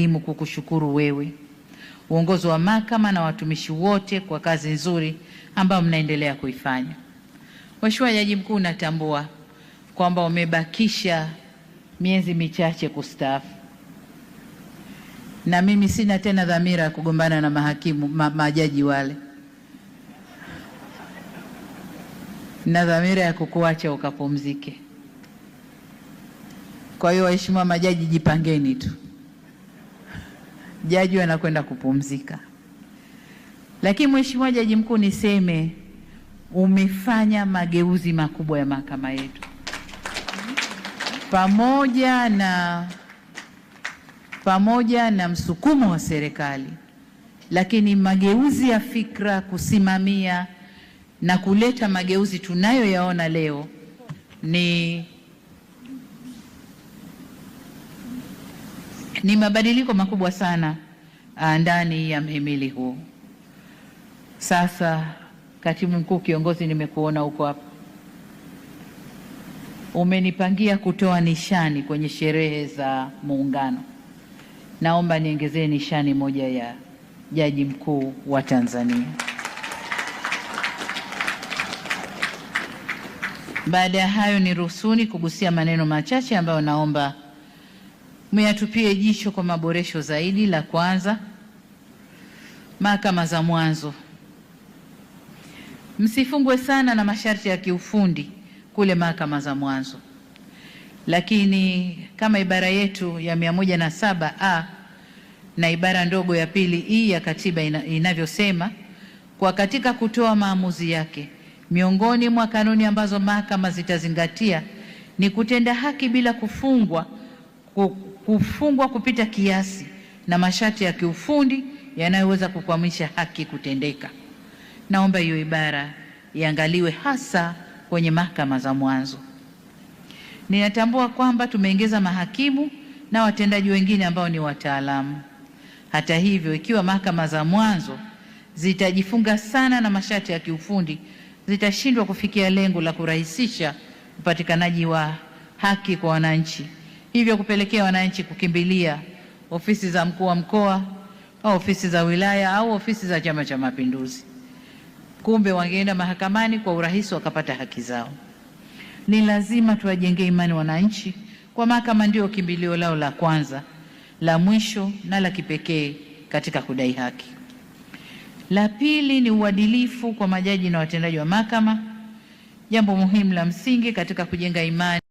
Imu kukushukuru wewe, uongozi wa mahakama na watumishi wote kwa kazi nzuri ambayo mnaendelea kuifanya. Mheshimiwa Jaji Mkuu, natambua kwamba umebakisha miezi michache kustaafu, na mimi sina tena dhamira ya kugombana na mahakimu ma, majaji wale, na dhamira ya kukuacha ukapumzike. Kwa hiyo, waheshimiwa majaji, jipangeni tu jaji wanakwenda kupumzika. Lakini Mheshimiwa Jaji Mkuu, niseme umefanya mageuzi makubwa ya mahakama yetu pamoja na, pamoja na msukumo wa serikali, lakini mageuzi ya fikra, kusimamia na kuleta mageuzi tunayoyaona leo ni Ni mabadiliko makubwa sana ah, ndani ya mhimili huu. Sasa katibu mkuu kiongozi, nimekuona huko hapa, umenipangia kutoa nishani kwenye sherehe za Muungano. Naomba niongezee nishani moja ya jaji mkuu wa Tanzania. Baada ya hayo, niruhusuni kugusia maneno machache ambayo naomba Mmeyatupie jicho kwa maboresho zaidi. La kwanza, mahakama za mwanzo, msifungwe sana na masharti ya kiufundi kule mahakama za mwanzo, lakini kama ibara yetu ya mia moja na saba a na ibara ndogo ya pili hii e ya katiba inavyosema kwa katika kutoa maamuzi yake, miongoni mwa kanuni ambazo mahakama zitazingatia ni kutenda haki bila kufungwa hufungwa kupita kiasi na masharti ya kiufundi yanayoweza kukwamisha haki kutendeka. Naomba hiyo ibara iangaliwe hasa kwenye mahakama za mwanzo. Ninatambua kwamba tumeongeza mahakimu na watendaji wengine ambao ni wataalamu. Hata hivyo, ikiwa mahakama za mwanzo zitajifunga sana na masharti ya kiufundi, zitashindwa kufikia lengo la kurahisisha upatikanaji wa haki kwa wananchi hivyo kupelekea wananchi kukimbilia ofisi za mkuu wa mkoa au ofisi za wilaya au ofisi za Chama cha Mapinduzi. Kumbe wangeenda mahakamani kwa urahisi wakapata haki zao. Ni lazima tuwajengee imani wananchi kwa mahakama, ndio kimbilio lao la kwanza, la mwisho na la kipekee katika kudai haki. La pili ni uadilifu kwa majaji na watendaji wa mahakama, jambo muhimu la msingi katika kujenga imani